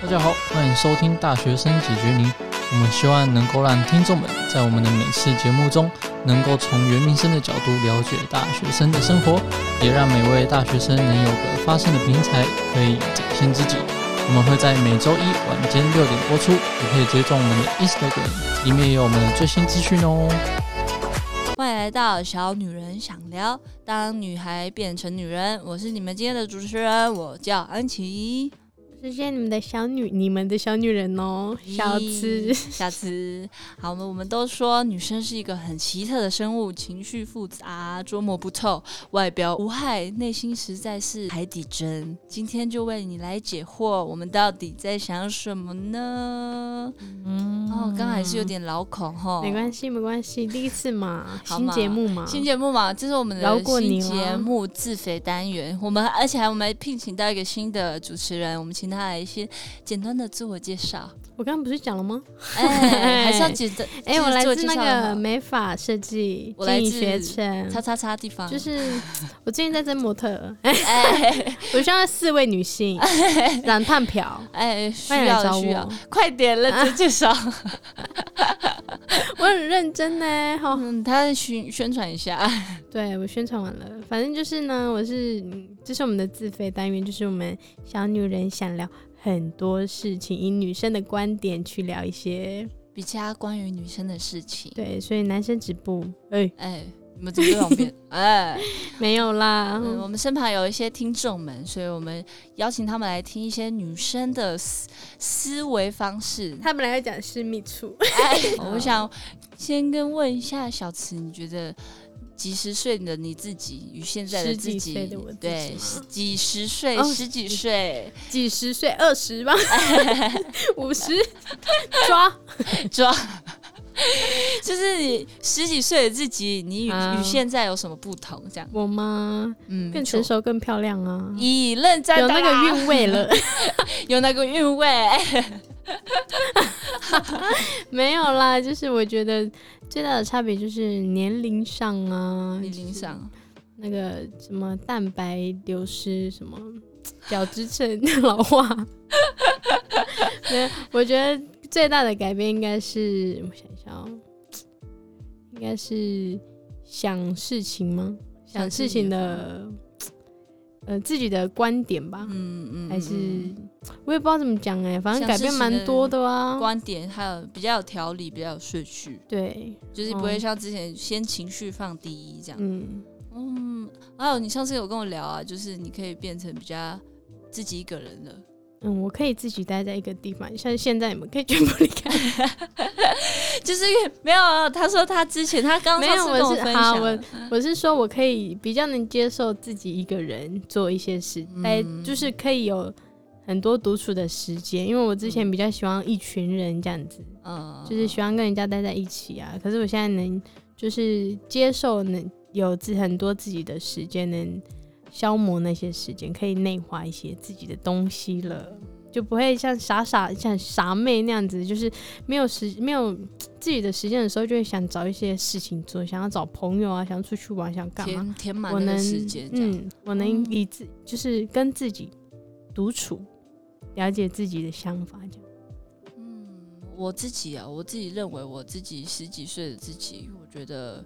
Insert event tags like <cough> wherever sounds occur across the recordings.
大家好，歡迎收聽《大學生解決您》。我們希望能夠讓聽眾們在我們的每次節目中，能夠從原民生的角度了解大學生的生活，也讓每位大學生能有個發聲的平台，可以展現自己。我們會在每週一晚間六點播出，也可以追蹤我們的 Instagram，裡面也有我們的最新資訊哦。歡迎來到小女人想聊，當女孩變成女人，我是你們今天的主持人，我叫安琪。謝謝你們的小女，你們的小女人哦，小慈、小慈。好，我們我們都說女生是一個很奇特的生物，情緒複雜，捉摸不透，外表無害，內心實在是海底針。今天就為你來解惑，我們到底在想什麼呢？嗯，哦，剛還是有點老恐吼，沒關係，沒關係，第一次嘛，好嘛，新節目嘛，新節目嘛，這是我們的新節目自肥單元。我們而且還我們還聘請到一個新的主持人，我們請。那一些簡單的自我介紹。我剛剛不是講了嗎、欸？還是要哎、 <laughs> 欸欸，我來自那個美髮設計，我來自學城，叉叉叉地方。 <laughs> 就是我最近在徵模特，哎、欸， <laughs> 我需要四位女性，染燙漂。哎、欸，需要需要，快點了，啊、介紹。 <laughs> <laughs> 我很認真呢，好，嗯、他宣宣傳一下，對我宣傳完了，反正就是呢，我是，這、就是我們的自費單元，就是我們小女人想聊。很多事情以女生的觀點去聊一些比較關於女生的事情，對，所以男生止步，哎、欸、哎，欸、你們怎麼又往邊，哎、 <laughs> 欸，沒有啦、嗯，我們身旁有一些聽眾們，所以我們邀請他們來聽一些女生的思思維方式。他們來講私密處，哎、欸，好我想先跟問一下小慈，你覺得？幾十歲的你自己與現在的自己，對，幾十歲，十幾歲，幾十歲，二十吧，五十抓抓，就是你十幾歲的自己，你與與現在有什麼不同？這樣，我嗎？嗯，更成熟，更漂亮啊，以認真有那個韻味了，有那個韻味，沒有啦，就是我覺得。最大的差別就是年齡上啊，年齡上，那個什麼蛋白流失，什麼角質層老化。我覺得最大的改變應該是，我想一下啊、哦，應該是想事情嗎？想事情的。呃、自己的觀點吧，嗯嗯，嗯還是、嗯嗯、我也不知道怎麼講哎、欸，反正改變蠻多的啊，的觀點還有比較有條理，比較有順序，對，就是你不會像之前先情緒放第一這樣。嗯嗯，還有、嗯、你上次有跟我聊啊，就是你可以變成比較自己一個人的。嗯，我可以自己待在一個地方，像現在你們可以全部離開。 <laughs> <laughs> 就是沒有，他說他之前他剛剛沒有，我是好，我我是說我可以比較能接受自己一個人做一些事，嗯、就是可以有很多獨處的時間，因為我之前比較喜歡一群人這樣子，嗯、就是喜歡跟人家待在一起啊。可是我現在能就是接受能有自很多自己的時間，能消磨那些時間，可以內化一些自己的東西了。就不會像傻傻像傻妹那樣子，就是沒有時，沒有自己的時間的時候，就會想找一些事情做，想要找朋友啊，想出去玩，想幹嘛？填滿時間，嗯，我能，我能以自、嗯、就是跟自己獨處，了解自己的想法。這樣，嗯，我自己啊，我自己認為我自己十幾歲的自己，我覺得。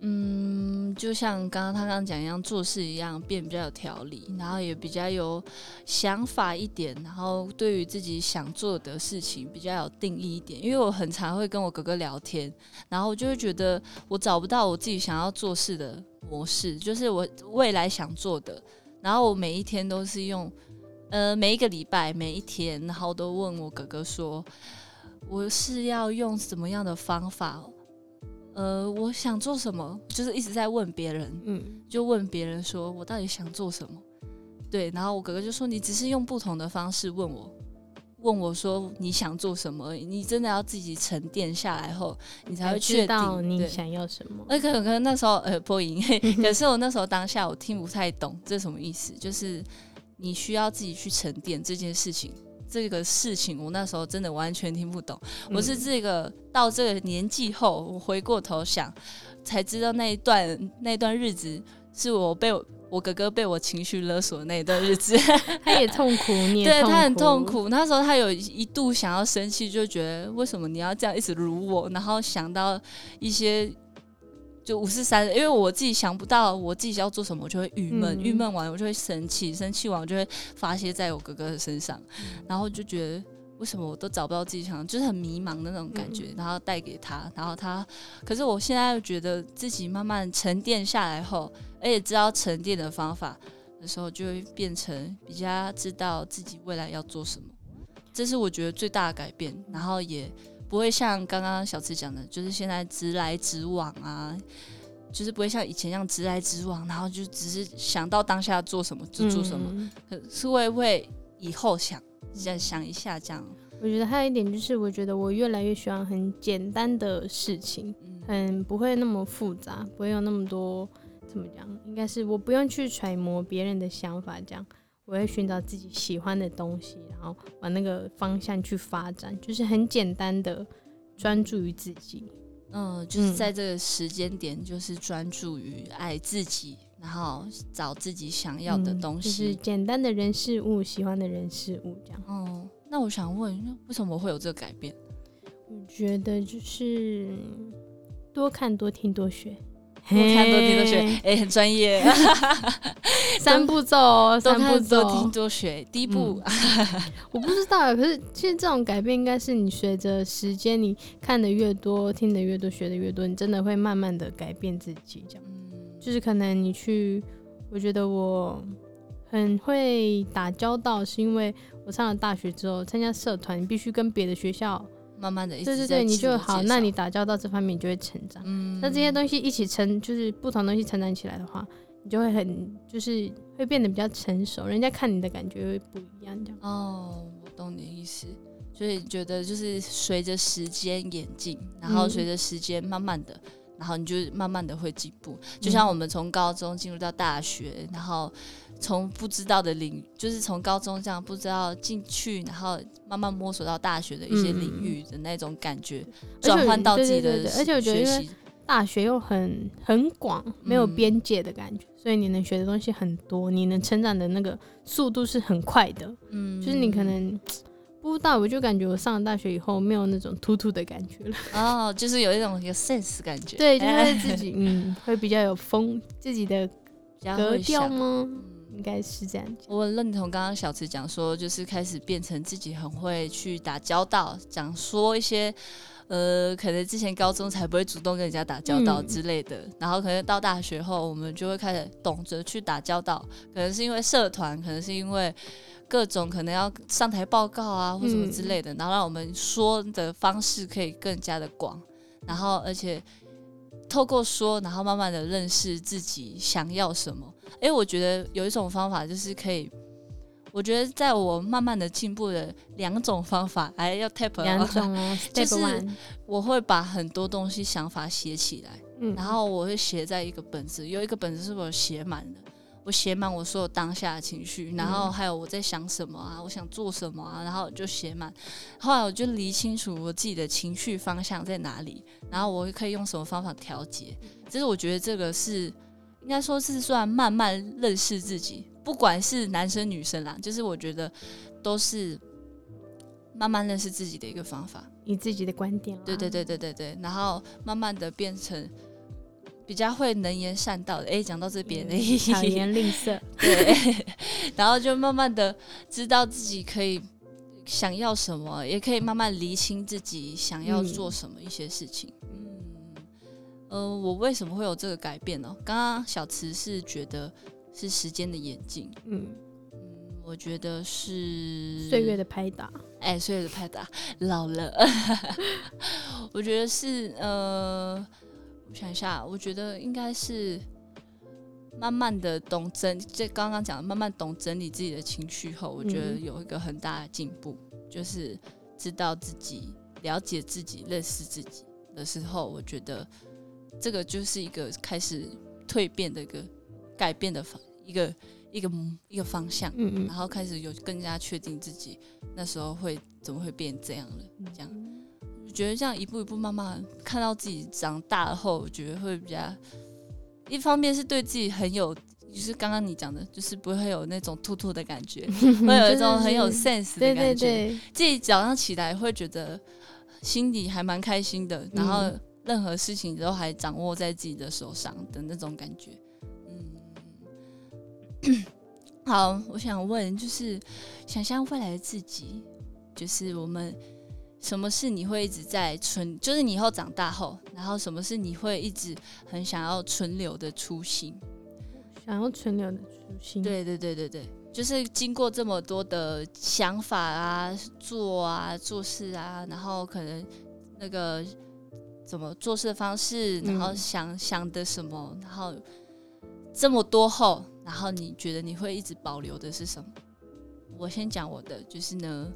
嗯，就像剛剛他剛講一樣，做事一樣變比較有條理，然後也比較有想法一點，然後對於自己想做的事情比較有定義一點。因為我很常會跟我哥哥聊天，然後我就會覺得我找不到我自己想要做事的模式，就是我未來想做的。然後我每一天都是用，呃，每一個禮拜，每一天，然後都問我哥哥說，我是要用什麼樣的方法。呃，我想做什麼，就是一直在問別人，嗯，就問別人說，我到底想做什麼？對，然後我哥哥就說，你只是用不同的方式問我，問我說你想做什麼而已，你真的要自己沉澱下來後，你才會確定知道你想要什麼。呃，可能那時候，呃，波音， <laughs> 可是我那時候當下我聽不太懂這什麼意思，就是你需要自己去沉澱這件事情。這個事情我那時候真的完全聽不懂，我是這個、嗯、到這個年紀後，我回過頭想，才知道那一段那一段日子是我被我，我哥哥被我情緒勒索的那一段日子，他也痛苦， <laughs> 你也痛苦，對他很痛苦。那時候他有一度想要生氣，就覺得為什麼你要這樣一直辱我，然後想到一些。就五四三，因為我自己想不到我自己要做什麼，我就會鬱悶，鬱悶、嗯、完我就會生氣，生氣完我就會發洩在我哥哥的身上，嗯、然後就覺得為什麼我都找不到自己想，就是很迷茫的那種感覺，嗯、然後帶給他，然後他，可是我現在又覺得自己慢慢沉澱下來後，而且知道沉澱的方法的時候，就會變成比較知道自己未來要做什麼，這是我覺得最大的改變，然後也。不會像剛剛小池講的，就是現在直來直往啊，就是不會像以前一樣直來直往，然後就只是想到當下要做什麼就做什麼，嗯、可是會為以後想想，想一下這樣。我覺得還有一點就是，我覺得我越來越喜歡很簡單的事情，嗯、很不會那麼複雜，不會有那麼多怎麼講，應該是我不用去揣摩別人的想法這樣。我會尋找自己喜歡的東西，然後往那個方向去發展，就是很簡單的，專注於自己。嗯，就是在這個時間點，就是專注於愛自己，然後找自己想要的東西，嗯，就是簡單的人事物，喜歡的人事物這樣。哦、嗯，那我想問，為什麼會有這個改變？我覺得就是多看、多聽、多學。我看多聽多學，哎、欸，很專業。三步驟，三步驟，聽多學。第一步，嗯、我不知道。可是，其實這種改變應該是你隨着時間，你看的越多，聽的越多，學的越多，你真的會慢慢的改變自己。這樣，就是可能你去，我覺得我很會打交道，是因為我上了大學之後參加社團，你必須跟別的學校。慢慢的，對對對，你就好。那你打交道這方面，你就會成長。嗯，那這些東西一起成，就是不同東西成長起來的話，你就會很，就是會變得比較成熟。人家看你的感覺會不一樣，這樣。哦，我懂你的意思。所以覺得就是隨着時間演進，然後隨着時間慢慢的。嗯然後你就慢慢的會進步，就像我們從高中進入到大學，嗯、然後從不知道的領，就是從高中這樣不知道進去，然後慢慢摸索到大學的一些領域的那種感覺，嗯、轉換到自己的。而且我覺得，對對對對，我覺得大學又很很廣，沒有邊界的感覺，嗯、所以你能學的東西很多，你能成長的那個速度是很快的。嗯，就是你可能。大我就感覺我上了大學以後沒有那種突突的感覺了哦，oh, 就是有一種有 sense 感覺，對，就是自己嗯，會比較有風自己的格調嗎？應該是這樣。我認同剛剛小池講說，就是開始變成自己很會去打交道，講說一些呃，可能之前高中才不會主動跟人家打交道之類的，嗯、然後可能到大學後，我們就會開始懂得去打交道，可能是因為社團，可能是因為。各種可能要上台報告啊，或什麼之類的，嗯、然後讓我們說的方式可以更加的廣，然後而且透過說，然後慢慢的認識自己想要什麼。哎、欸，我覺得有一種方法就是可以，我覺得在我慢慢的進步的兩種方法，哎，要 tap 兩種、哦， <laughs> 就是我會把很多東西想法寫起來，嗯、然後我會寫在一個本子，有一個本子是我寫滿的。我寫滿我所有當下的情緒，然後還有我在想什麼啊，我想做什麼啊，然後就寫滿。後來我就理清楚我自己的情緒方向在哪裡，然後我可以用什麼方法調節。就是我覺得這個是應該說是算慢慢認識自己，不管是男生女生啦，就是我覺得都是慢慢認識自己的一個方法。以自己的觀點？對對對對對對，然後慢慢的變成。比較會能言善道的。哎、欸，講到這邊，哎、嗯，巧言令色，吝嗇對，然後就慢慢的知道自己可以想要什麼，也可以慢慢釐清自己想要做什麼一些事情。嗯，嗯，呃，我為什麼會有這個改變呢？剛剛小慈是覺得是時間的演進，嗯，嗯，我覺得是歲月的拍打，哎、欸，歲月的拍打，老了， <laughs> 我覺得是呃。我想一下，我覺得應該是慢慢的懂整，這剛剛講的慢慢懂整理自己的情緒後，我覺得有一個很大的進步，嗯、哼就是知道自己、了解自己、認識自己的時候，我覺得這個就是一個開始蛻變的一個改變的方，一個一個一個方向。嗯嗯。然後開始有更加確定自己，那時候會怎麼會變這樣了？這樣。我覺得這樣一步一步慢慢看到自己長大後，我覺得會比較一方面是對自己很有，就是剛剛你講的，就是不會有那種突突的感覺，會有一種很有 sense 的感覺。自己早上起來會覺得心裡還蠻開心的，然後任何事情都還掌握在自己的手上的那種感覺。嗯，好，我想問，就是想象未來的自己，就是我們。什麼是你會一直在存？就是你以後長大後，然後什麼是你會一直很想要存留的初心？想要存留的初心。對對對對對，就是經過這麼多的想法啊、做啊、做事啊，然後可能那個怎麼做事的方式，然後想、嗯、想的什麼，然後這麼多後，然後你覺得你會一直保留的是什麼？我先講我的，就是呢。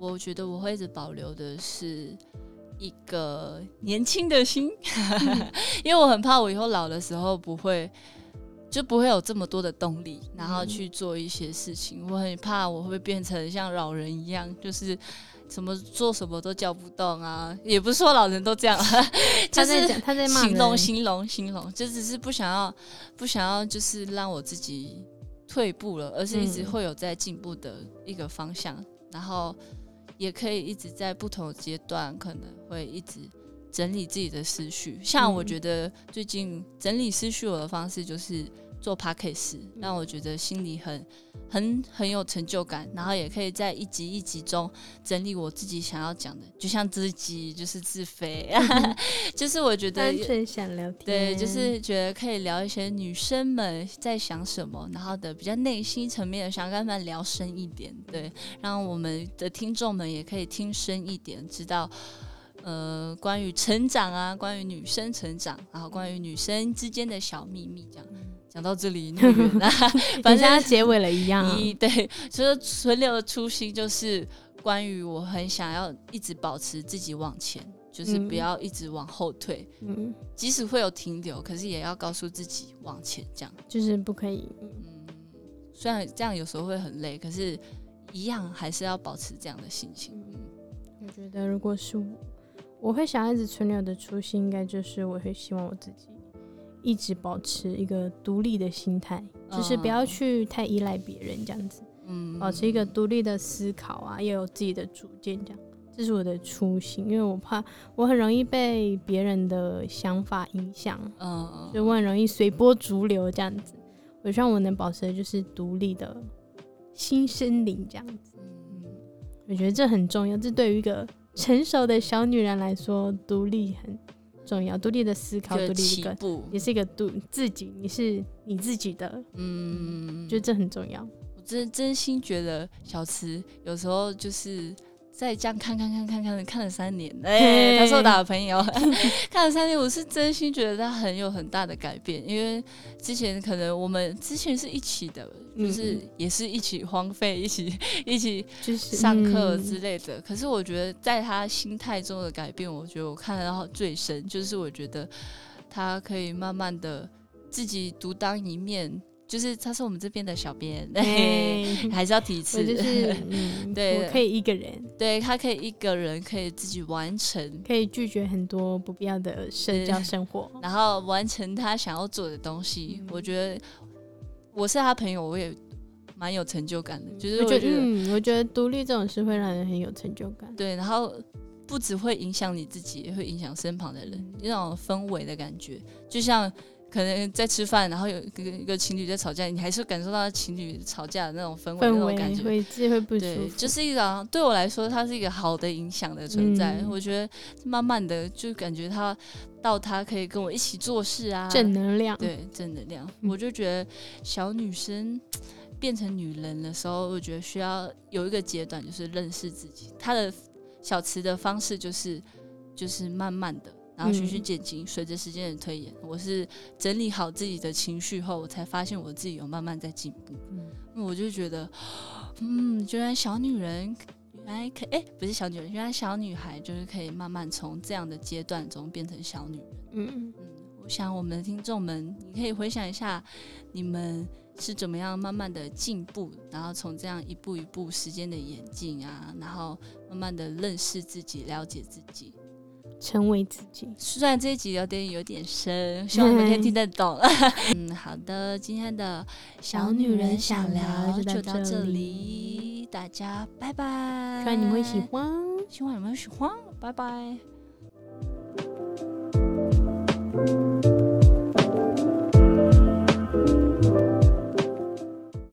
我覺得我會一直保留的是一個年輕的心， <laughs> 因為我很怕我以後老的時候不會就不會有這麼多的動力，然後去做一些事情。嗯、我很怕我會變成像老人一樣，就是怎麼做什麼都叫不動啊。也不是說老人都這樣，他在他在罵你。行動，行動，行動，就只是不想要不想要，就是讓我自己退步了，而是一直會有在進步的一個方向，嗯、然後。也可以一直在不同階段，可能會一直整理自己的思緒。像我覺得最近整理思緒，我的方式就是。做 Podcast 讓我覺得心裡很、很、很有成就感，然後也可以在一集一集中整理我自己想要講的，就像自己就是自飛， <laughs> <laughs> 就是我覺得單純想聊天，對，就是覺得可以聊一些女生們在想什麼，然後的比較內心層面的想要跟他們聊深一點，對，讓我們的聽眾們也可以聽深一點，知道。呃，關於成長啊，關於女生成長，然後關於女生之間的小秘密，這樣講、嗯、到這裡，那啊、 <laughs> 反正、啊、結尾了一樣。對，所、就、以、是、存留的初心就是關於我很想要一直保持自己往前，就是不要一直往後退。嗯，即使會有停留，可是也要告訴自己往前，這樣就是不可以。嗯，雖然這樣有時候會很累，可是一樣還是要保持這樣的心情。嗯、我覺得，如果是我。我會想要一直存留的初心，應該就是我會希望我自己一直保持一個獨立的心態，就是不要去太依賴別人這樣子，嗯，oh. 保持一個獨立的思考啊，要有自己的主見，這樣子，這是我的初心，因為我怕我很容易被別人的想法影響，嗯，oh. 所以我很容易隨波逐流這樣子。我希望我能保持的就是獨立的新生靈。這樣子，嗯，oh. 我覺得這很重要，這對於一個。成熟的小女人來說，獨立很重要。獨立的思考，獨立一、這個，起步也是一個獨自己。你是你自己的，嗯，覺得、嗯、這很重要。我真真心覺得，小慈有時候就是。在這樣看看看看看看了三年，哎、欸，他是我打的朋友， <laughs> 看了三年，我是真心覺得他很有很大的改變，因為之前可能我們之前是一起的，就是也是一起荒廢，一起一起上課之類的。就是嗯、可是我覺得在他心態中的改變，我覺得我看得到最深，就是我覺得他可以慢慢的自己獨當一面。就是他是我們這邊的小編，對欸、還是要提一次。我就是、嗯、對，我可以一個人，對，他可以一個人可以自己完成，可以拒絕很多不必要的社交生活，然後完成他想要做的東西。嗯、我覺得我是他朋友，我也蠻有成就感的。就是我，就我覺得，嗯，我覺得獨立這種事會讓人很有成就感。對，然後不只會影響你自己，也會影響身旁的人，那、嗯、種氛圍的感覺，就像。可能在吃飯，然後有一個一個情侶在吵架，你還是感受到情侶吵架的那種氛圍，那種感覺，會會不對，就是一種對我來說，它是一個好的影響的存在。嗯、我覺得慢慢的就感覺他到他可以跟我一起做事啊，正能量，對，正能量。嗯、我就覺得小女生變成女人的時候，我覺得需要有一個階段，就是認識自己。他的小慈的方式就是就是慢慢的。然後循序漸進，嗯、隨着時間的推演，我是整理好自己的情緒後，我才發現我自己有慢慢在進步。嗯、我就覺得，嗯，居然小女人原來可哎，不是小女人，原來小女孩就是可以慢慢從這樣的階段中變成小女人。嗯嗯，嗯，我想我們的聽眾們，你可以回想一下，你們是怎麼樣慢慢的進步，然後從這樣一步一步時間的演進啊，然後慢慢的認識自己，了解自己。成為自己，雖然這一集有點有點深，希望你們能聽得懂。Yes. <laughs> 嗯，好的，今天的小女人想聊就到這裡， <laughs> 大家拜拜。希望你們會喜歡，希望你們喜歡，拜拜。